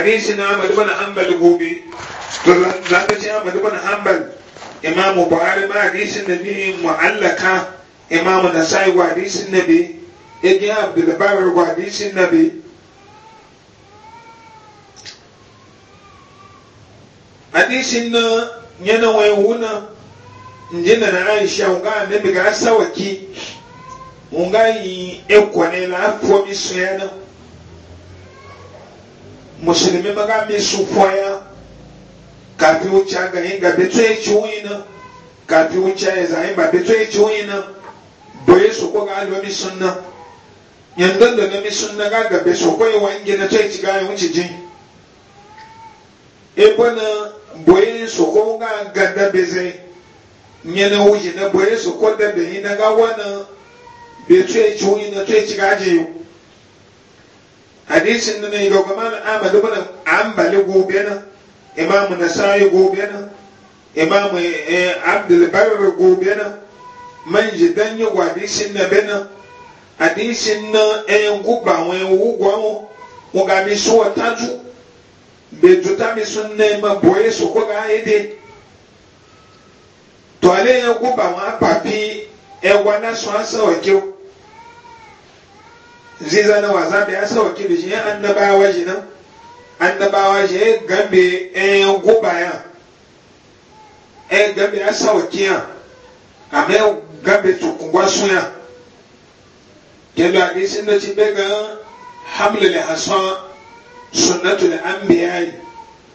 hadisi na Ahmad ibn Hanbal gobe to za ka ce Ahmad ibn Hanbal Imam Buhari ma hadisin Nabi mu'allaka Imam Nasai wa hadisin Nabi Ibn Abdul Barr wa hadisin Nabi hadisin na yana wai wuna njina na Aisha nga Nabi ga sawaki nga yi ekwane la fo mi suyana musulmi maga mi su koya kafi wuce e ga yin ga beto ya ci wuyi na kafi wuce ya zayin ba beto ya ci wuyi na doye su ko ga alomi sunna yandan da nomi sunna ga ga su koyi wa ingina to ya ci ga wuce jin ebo na boye su ko ga ga da be zai nyana wuce na boye su ko da be yi na ga wana beto ya ci wuyi na to ya ci ga hadisin nan yi daga mana amadu bana ambali gobe na imamu nasai gobe na imamu eh, abdul barr gobe na man ji dan yi gwa hadisin na bena hadisin na en eh, guba wen eh, wugwa mu mo ga mi so taju be juta mi sunne ma boye so ko ga ede to ale en guba wa papi e wa na so asa o zai zana wasa da ya sauki da shi ya annabawa shi nan annabawa shi ya gambe ɗayan eh, guba ya ɗayan gambe ya sauki ya amma ya gambe tukungwa su ya kendo a ɗisin da ci bega hamlul hasan sunnatul anbiya'i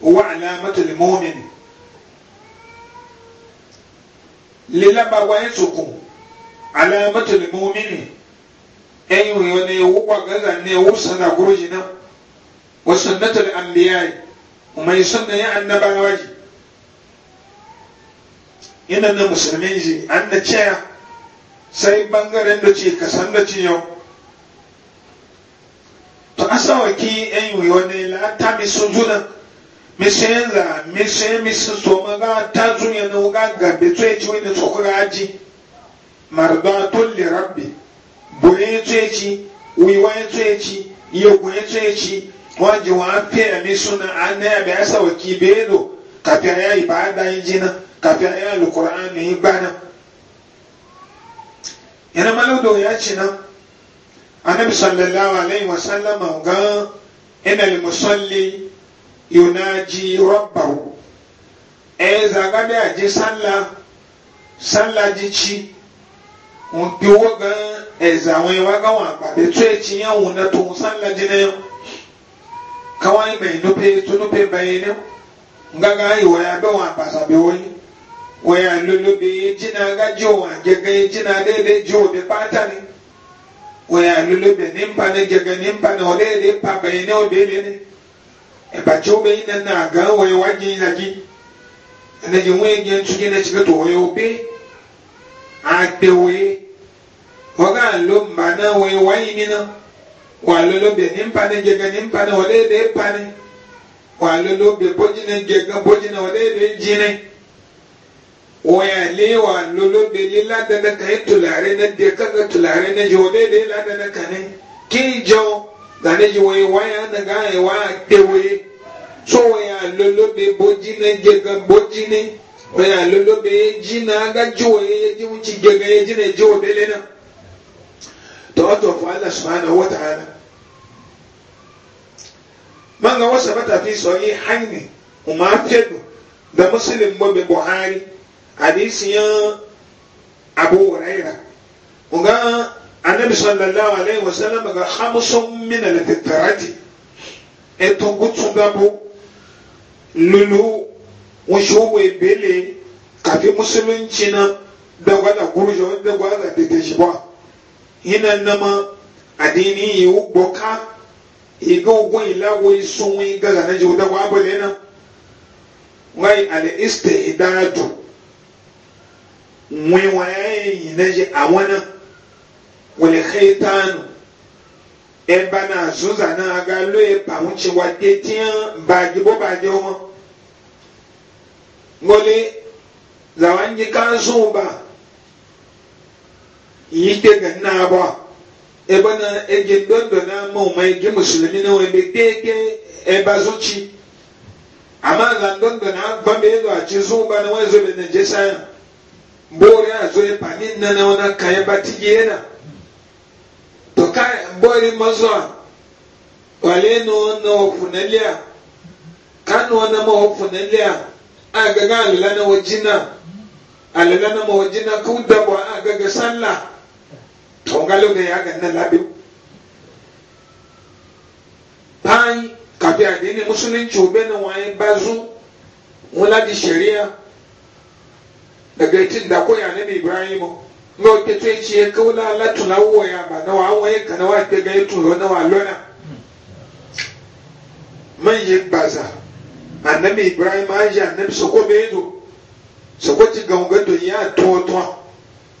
wa alamatul mu'min lila bagwaye tukun alamatul mu'mini Ƴan òyìn ne ẹ̀wọ́ gbàgbẹ́gà ne ẹ̀wọ́ sànà kúrò na wọ́n sànà tó lè àmbíyá mai ọmọ yìí sànà yẹn annabawa yìí na musulmi ji an da caya sai bangaren da ce ka san da ci yau to asawa ki ẹyin òyìn ọ̀nà ẹ̀là ta mi sun juna mi sẹ́yìn za mi sẹ́yìn mi sun so ma ga ta zun na wọ́n ga gàbẹ́ ya ci wani tsokura ga aji mardọ́ tó lè rabbi. bolo ya tọọ ya chi ui wa ya tọọ ya chi ihe bu ya tọọ ya chi mụ a ji mụ amfee na anii a baa ya sawa kii bee doo ka pịara ya ya baa daa ya na ka pịara ya ya nọkwaara am na ị gba na. ị na mmal ọdọ ọrụ ya chi na. anam sallalahu alaihi wa sallam ahụ ngan emelie musalli iwu na ji rọbbarụ. ee za aga na-eji salla sallaji ezawin waga wa akpari tu echi ya wuna to musalla jine Kawa kawai bai nufe tu nufe bai ne ngaga yi waya be wa pasa be woyi waya lulu be jina ga jo wa gege jina de de jo be pata ni waya lulu be ne gege nimpa ne ode ne obe ne e e ne be na ne wo waga lo mana we wai mina wa lo lo be nim pane je ga nim pane wale de pane wa lo lo be bojine je bojine wale de jine waya le wa lo lo be le da da kai tulare na de ka ga tulare na je wale de la da da kane ki jo ga ne je we waya na ga e wa de we so waya lo lo be bojine je ga bojine waya lo lo be jina ga jo ye ji mu ci ga ga jine jo be le na tawadda fa Allah subhanahu wa ta'ala man ga wasa bata fi soyi haini umar fedu da muslim bobe buhari hadisi ya abu huraira ga annabi sallallahu alaihi wasallam ga khamsun min al-fitrati eto gutsu gabo lulu wushubu ibele kafi musulunci na dagwada gurjo dagwada dede shi ba ina nama adini yi ugbo ka iga ugbo ilawo isunwu iga ga naji udagwa abali na ngai ala iste idadu nwe wayayi naji awana wale khaitanu eba na azuza na aga lo epa wuce wa tetiyan baji bo baji wọn ngole zawanji kan ba yite ga na ba ebe na ege dondo na ma ma ege musulmi na wani ebe ege eba zuci amma na dondo na ba me lo a ci zuba na wani zobe na je ya. bori a zo e panin na na wani kayan ba tiye na to ka bori mazo a wale no na ofunaliya kanu na ma ofunaliya a gaga alala na wajina alila na ma ka kun dabwa a gaga sallah tɔngalo ne ya ganna labew pan kafi adini musulunci o bɛ na wɔn bazu wɔn ladi sariya daga ti dako ya ne mi ibrahim nga o keto ekyi ye kawo la ala tun la wo ya ba na wa awon ye kana wa gbega tun lɔ na wa lɔna man ye baza anami ibrahim ayi anami soko bɛ edo soko ti gawo yi ya tɔɔtɔɔ.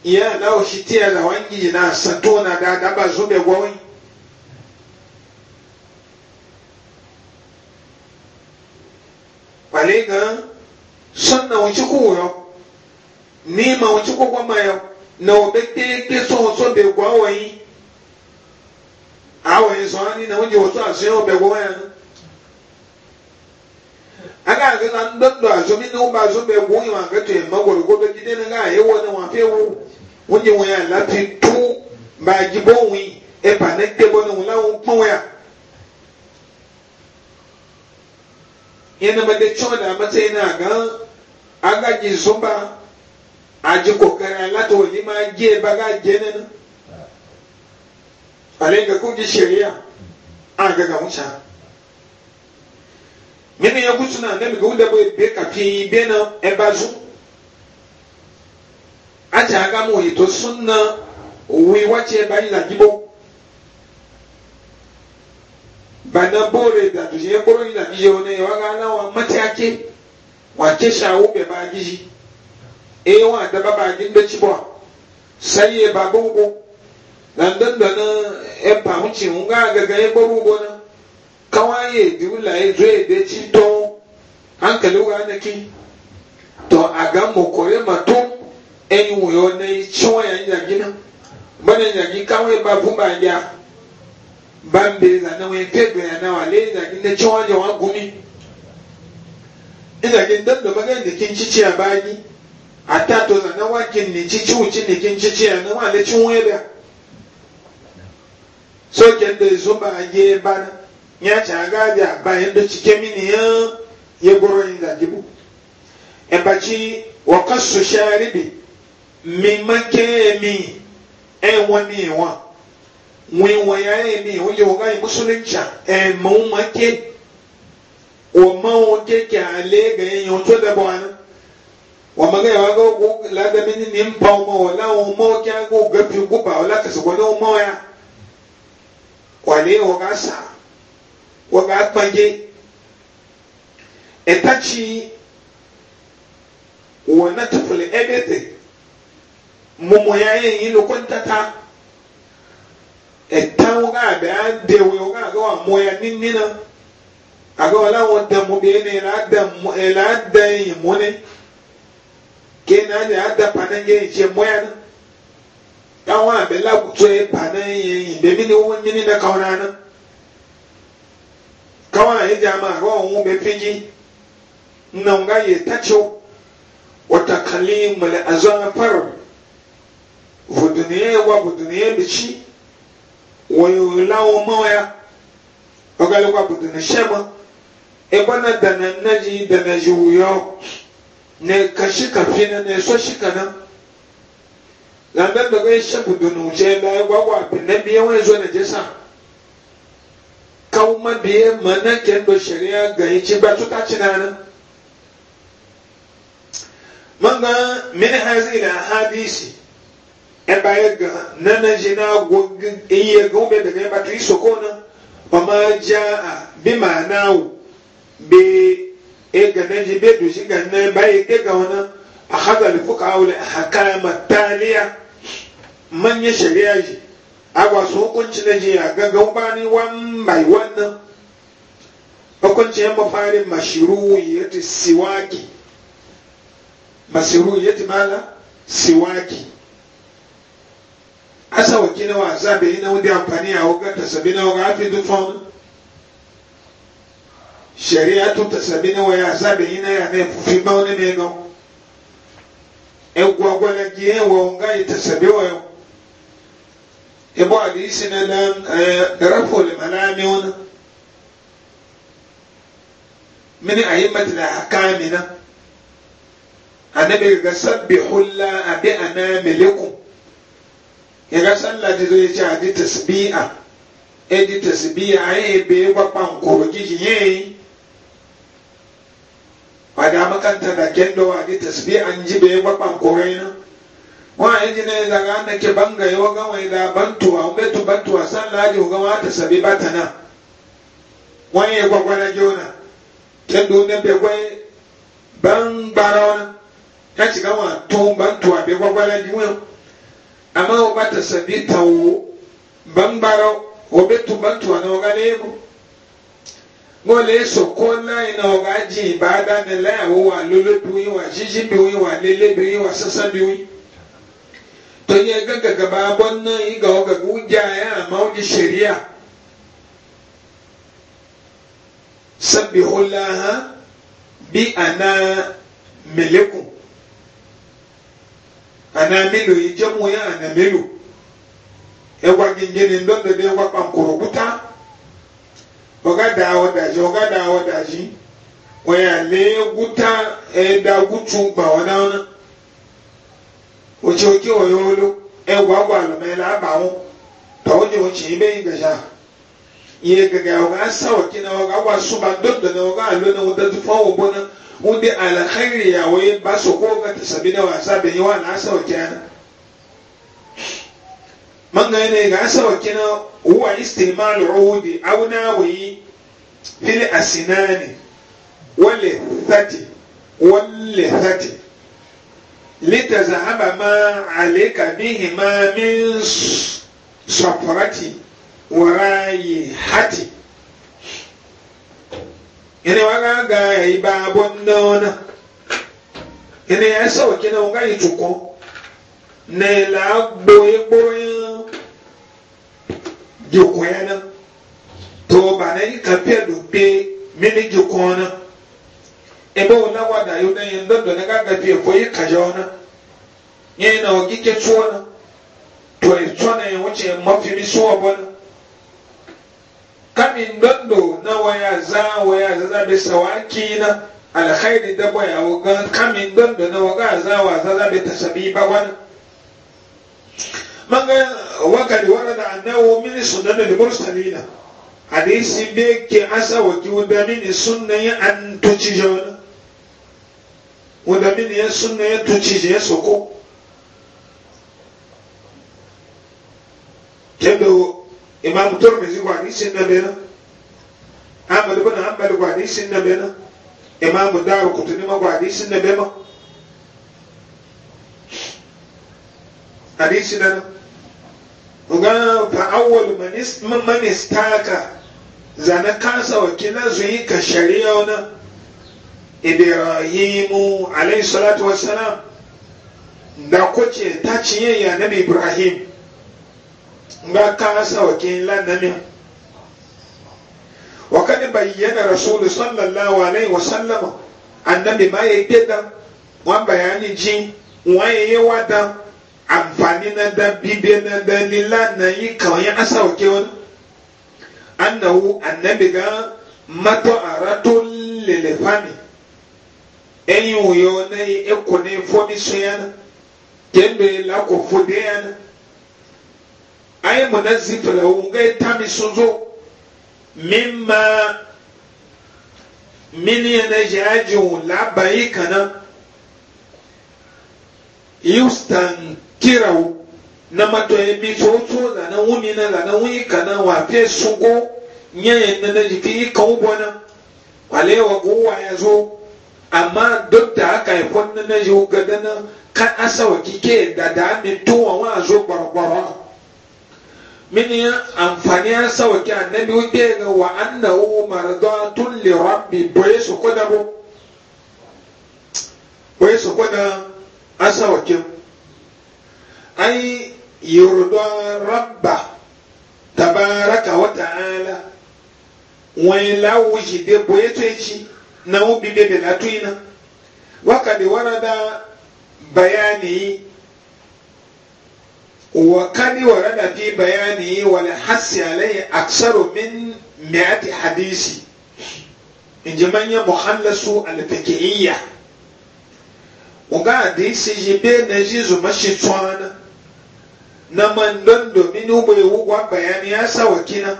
ya na oshitia la wangi na na da daba zube gwawi palega sanna wuci kuyo ni ma wuci ko goma yo na obekte ke so so be gwawi awo yin so ani na wuci wato asin obe goma ya aga ga nan dodo azumi no ba zube gwawi ma ga te magoro gobe gidene ga yewo na wa fewu wonye wɔn a lati tu baagi bɔ wɔn ɛba ne te bɔ ne wɔn lawo kpɔn wɔn a yɛnɛma de tsɔn da amata yi na gan agadzi zumba adi kɔkɔrɔ alata wɔn ni ma adi ba ga ne na ale ga di sariya a ga ga ŋutsa mine ya kutu na ne wo dabɔ ebe kapi be na ɛba zu. ati agama oyi to sunna owi wakye bayi na gibo bana bore da duje ye koro yi na gije wone ye waga ana wa mati ake e wa ke sha wo be ba e yi wa adaba ba gi nde chibo a sai ye ba gongo na ndan da na e pa wuce wun ga gaga ye koro ugo na kawaye di wula ye zo ye chi to hankali wa na ki to agama kore ma to ɛni nwoyo ne tsi wɔn yɛn nyagi na ndị ne nyagi kan wɔn ba bu ya na wɔn pe ya na wa ale nyagi ne tsi wɔn yɛ wɔn gumi nyagi ndem dɔ bɛgɛ ne ya ba yi ata to na wa kin ne tsitsi wò tsi ya na wa ale tsi so kye de zo ba ye ba na nya tsi aga a ba yɛ do tsi kye mi yɛ mima kee mi ɛn wani wa ŋun waya ye mi o yɛ o ka ye musulunci ɛn mɔw ma ke o mɔw ke kɛ ale gɛɛ yɛn o tɔ dabɔ an wa ma kɛ yɛ wa ko ko ladami ni nin baw ma o la o mɔw kɛ an k'o gabi ko ba o la kasi ko ne o mɔw ya wale o ka sa o ka kpange ɛta ci wɔna tufuli ɛbɛ mo ya yen yin lo ko tata e ta wo ga be a de wo ga ga wa mu ya nin nin a ga wala wo da mo be ne na da mo e la da eh, yi mo ne ke na ne a da pana ye je mo ya na ta wo a be la ku to e pana ye yi be mi ne wo nin nin na ka wa na ka wa he ja ma ro wo be fiji na wu nga yi ta cho wa a kalimul faru. vudunie wa vudunie bichi wayula wo mawaya ogale kwa budune shema ebana dana naji dana juyo ne kashika fina ne so shikana lambe da ga shi budune uje da gwa gwa ne biye wani zo ne jesa kauma biye mana kendo sharia ga yi ci ba tuta cinana manga min hazi ila hadisi ɛba yɛ gan nana gye na agwo eyi egan bɛ daga ɛba tiri soko na ɔma gya a bi maa na awo be egan na gye be dozi gan na ɛba yɛ egan wɔn na ahagari fo ka awolɛ ahakama taaliya man nye sariya yi agwa so hukunci na gye agaga wɔn ni one by one na hukunci yɛ mafari mashiru yɛ ti siwaki yi yɛ ti la, siwaki. asa wakina wa azabe ina wudi amfani a wuga ta sabina wa gafi dufon shari'a tun ta sabina wa ya azabe ina ya ne fufi ma wani ne gan egwa gwala giye wa nga ita sabi wa yau ibo hadisi na dan eh, rafu limanami wani mini ayyimati da hakamina annabi ga sabbihu la abi anamilikum ega sallah di zo yace adi tasbi'a adi tasbi'a ai be gwa pankoro kiji ye wada makanta da kendo adi tasbi'a ji be gwa pankoro ina wa yaji ne da ga na ke banga yo ga wai da bantuwa be tu bantuwa sallah di ga wa ta sabi na. wani ye gwa gwana jona kendo ne be kwai ban barona ci ga wa tu bantuwa be gwa ji jiwo amma wo bata sabi tawo bambara wo be tubantuwa na woga lebo ngo le soko lai na woga ji ibada ne lai wo wa lolo biwi wa jiji biwi wa lele biwi wa sasa biwi to ye gaga gaba abon nan yi ga woga guja ya amma wuji shari'a sabbihu laha bi ana melekum ana mélòó yìí jẹ́ mọ́ yá ana mélòó ẹwà gígé ni ndọ́ndọ́ ní ẹwà pankoro kúta ọ̀gá da ọ̀ dàjí ọ̀gá da ọ̀ dàjí wọ́n yà lé kúta ẹ̀ẹ́dá kútu gbà ọ̀ náà ná òtí òkè ọ̀yọ́ ló ẹwà wà lọ́mọ ẹ̀ lábà wọn tọ́wọ́ ní òtí yìí bẹ́yìn gàdá yìí gàgà ọ̀gá sáwọ̀ kí náà ọ̀gá wà súnmọ́ ndọ́ndọ́ náà ọ̀gá àlọ́ náà ọ̀dọ́ tó wunde alkhairi ya waye ba su ko ga ta sabi da wasa da yawa na asa wake na man ga ne ga asa wake na huwa istimal uhudi aw nawi fil asinani wal thati wal thati litazahaba ma alayka bihi ma min safrati wa rayihati ene waga ga aga bonnona ene esa okina na ituko ne la boye boye ya to bana yi kapia do pe mini jokona ebe ona wada na yin na ga gabi ko yi kajona ye na ogike tuona to e na e wuce mafi mi so kamin dondo na waya za waya za za bi sawaki na alkhairi da baya wugan kamin dondo na waga za wa za za bi tasabi ba wani manga wakari warada annahu min sunan al-mursalina hadisi be ke asa waki wanda min sunan ya an tuci jona wanda min ya sunan ya tuci je soko kedo imam turmizi ko hadisin na bena amal bin hanbal ko hadisin na bena imam daru kutuni ma ko hadisin na bema hadisin na uga fa awwal man isma man istaka zana kasa kina zuyi ka shari'a wana ibrahimu alayhi salatu wassalam da kwace ta ciye ya nabi ibrahim nga kansa wa kin lanami wa kad bayyana rasul sallallahu alaihi wa sallam annabi ma yayi deda wa bayani ji wa yayi wada amfani na da bibe na da lila na yi kawai ya asa wa wani annahu annabi ga mato arato lelefani enyi uyo na yi ekune fomi suyana kembe lako fudeyana ayi mɔna zipere wo nga etami soso mimma mini yana yaji labayi kana yustan kira na namatɔ ye mi tso tso lana ŋu na lana yi kana wa pe sunko nye ye nana yi ke yi kan wo wale wa ko ya zo amma da aka yi e kɔ nana yi wo gɛdɛ na kan asawa kike da da to wa wa zo gbɔrɔgbɔrɔ. mini amfani a sauki annabi wuke ga wa annahu mardatun li rabbi boye su kuna bu boye su kuna asaukin ai yurdo rabba tabaraka wa ta'ala wani lawuji de boye tuci na ubi bebe latuna wakadi warada bayani وقد ورد في بيانه والحث عليه أكثر من مئة حديث إن جمعنا مخلص الفكرية وقال حديث جبه نجيز مشيطان نمن دندو من يبيو بيان ياسا وكنا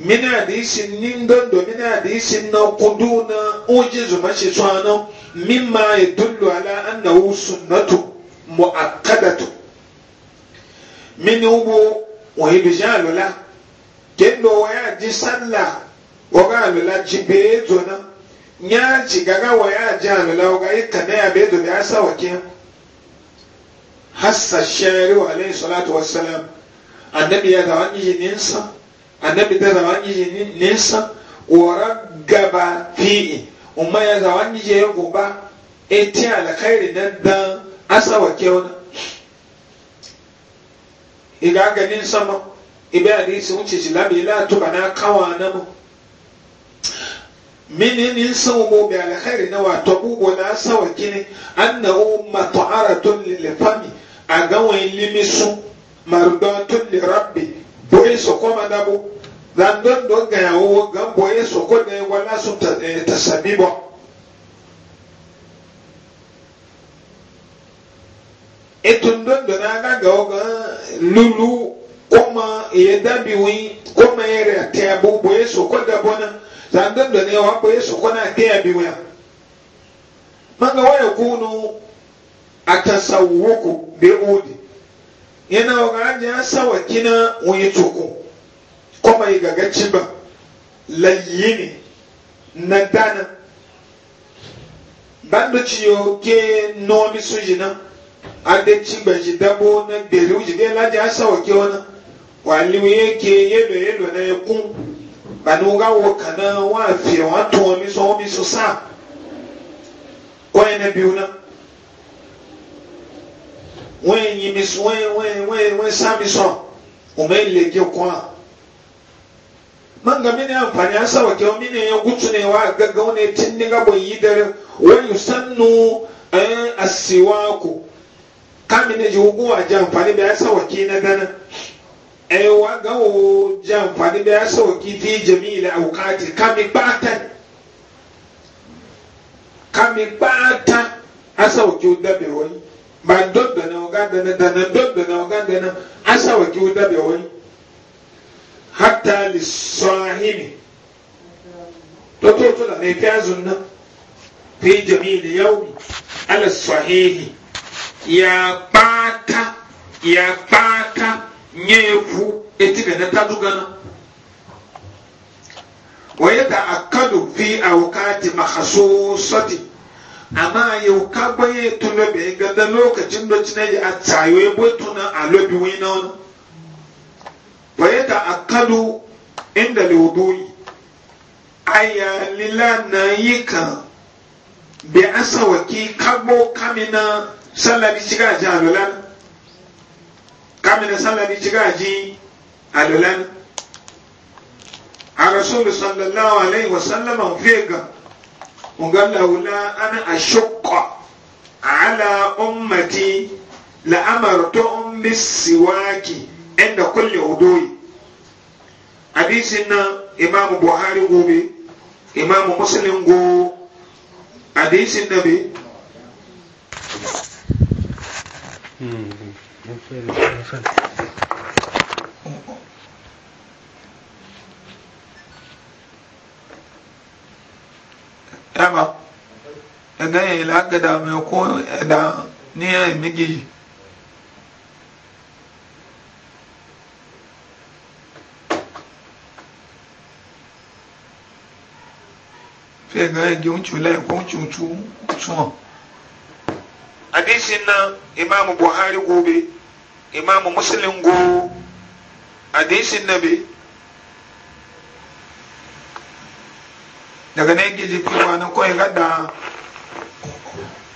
من حديث نندند من حديث نقدون أجيز مشيطان مما يدل على أنه سنة مؤكدة mini wo wọn yi bisi alola kendo wọn y'a di sanla wọn ka alola ji bee zona nyaa gaga wọn y'a di alola wọn ka yi tana ya bee zona ya sa hasa shɛɛri wa alayhi salatu wa salam anabi ya zaba yi ninsa anabi ta zaba yi ninsa wara gaba fi'i umma ya zaba yi yɛ guba eti alakairi na dan asa wa kiya iga ganin sama ibe hadisi wuce shi lami la tuba na kawa na mu mini nin sun mu bi alkhairi na wato bugo na sawa kini annahu mat'aratun lil fami a gawan limisu mardatun li rabbi boye so koma na bu dan don do ga yawo gan boye so ko ne wala su tasabibo eh, etundun dona aga ga oga lulu kuma ya dabi wi kuma ya ra ta abu boye so ko da bona zandun dona ya wa boye so ko na ta abi wi manga wa yakunu atasawwuku bi udi yana oga aja sawa kina wi tuku kuma ga ga ciba layyini na dana bandu ciyo ke nomi sujina ade cimba ji dabo na gbeli wuji ge laji asa oke ona wali wi eke yelo yelo na ekun bani wuga wo kana wa fi wa to omi so omi so sa kwa ene biu na Wani yi mi so wen wani wen wen sa mi so o me le ge kwa manga mini amfani asa oke omi ne ya gutu ne wa gaggawa ne tin ne gabo yi dare wani sannu eh, asiwaku kami ne ji hugu a jan fani bai ya waki na gana eh, wa gawo jan fani bai ya waki fi ila awukati kami batan kami asa waki sawaki dabe wani ba don da na uganda na dana don o ga uganda asa waki sawaki dabe wani hatta li to to to da ne fi azun nan fi ila yaumi ala sahihi ya kpata ya kpata nye eti bene tadugana wayata akadu fi awqati makhsusati amma yau ka gbaye tun da bai ga da lokacin da cina ya tsayo ya bai a wani na wayata akadu inda lodoyi aya lila na yi kan bi asawaki kagbo kamina sallah ni ji a lolan kamina sallah ni ji a lolan a rasulu sallallahu alaihi ga. fega ungan laula ana ashqa ala ummati la amartuhum bisiwaki inda kulli uduyi hadisin na imamu buhari gobe imamu muslim go hadisin nabi Yama, edan e yon lak edan mwen kon, edan ni yon yon megij. Fe, yon yon yon chou, lak yon chou chou, chou an. hadisin na imamu buhari gobe imamu muslim go hadisin na be daga gizi fi wa na kawai gada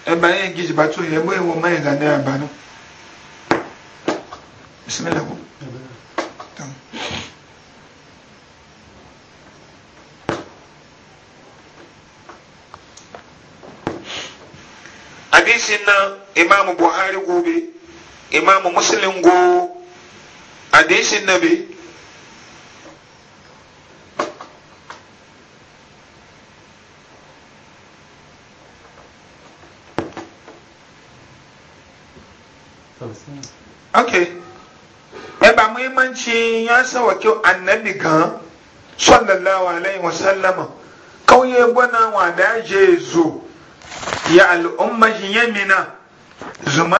ebe gizi ba batu ya yi wa mai gada ya banu bismillah hadisin na imamu buhari gobe imamu muslim go hadisin na bi ok ẹba muhimmanci ya sawa kyau annabi gan sallallahu alaihi wasallama kauye gwana wa da je zo ya al'umma yamina zuma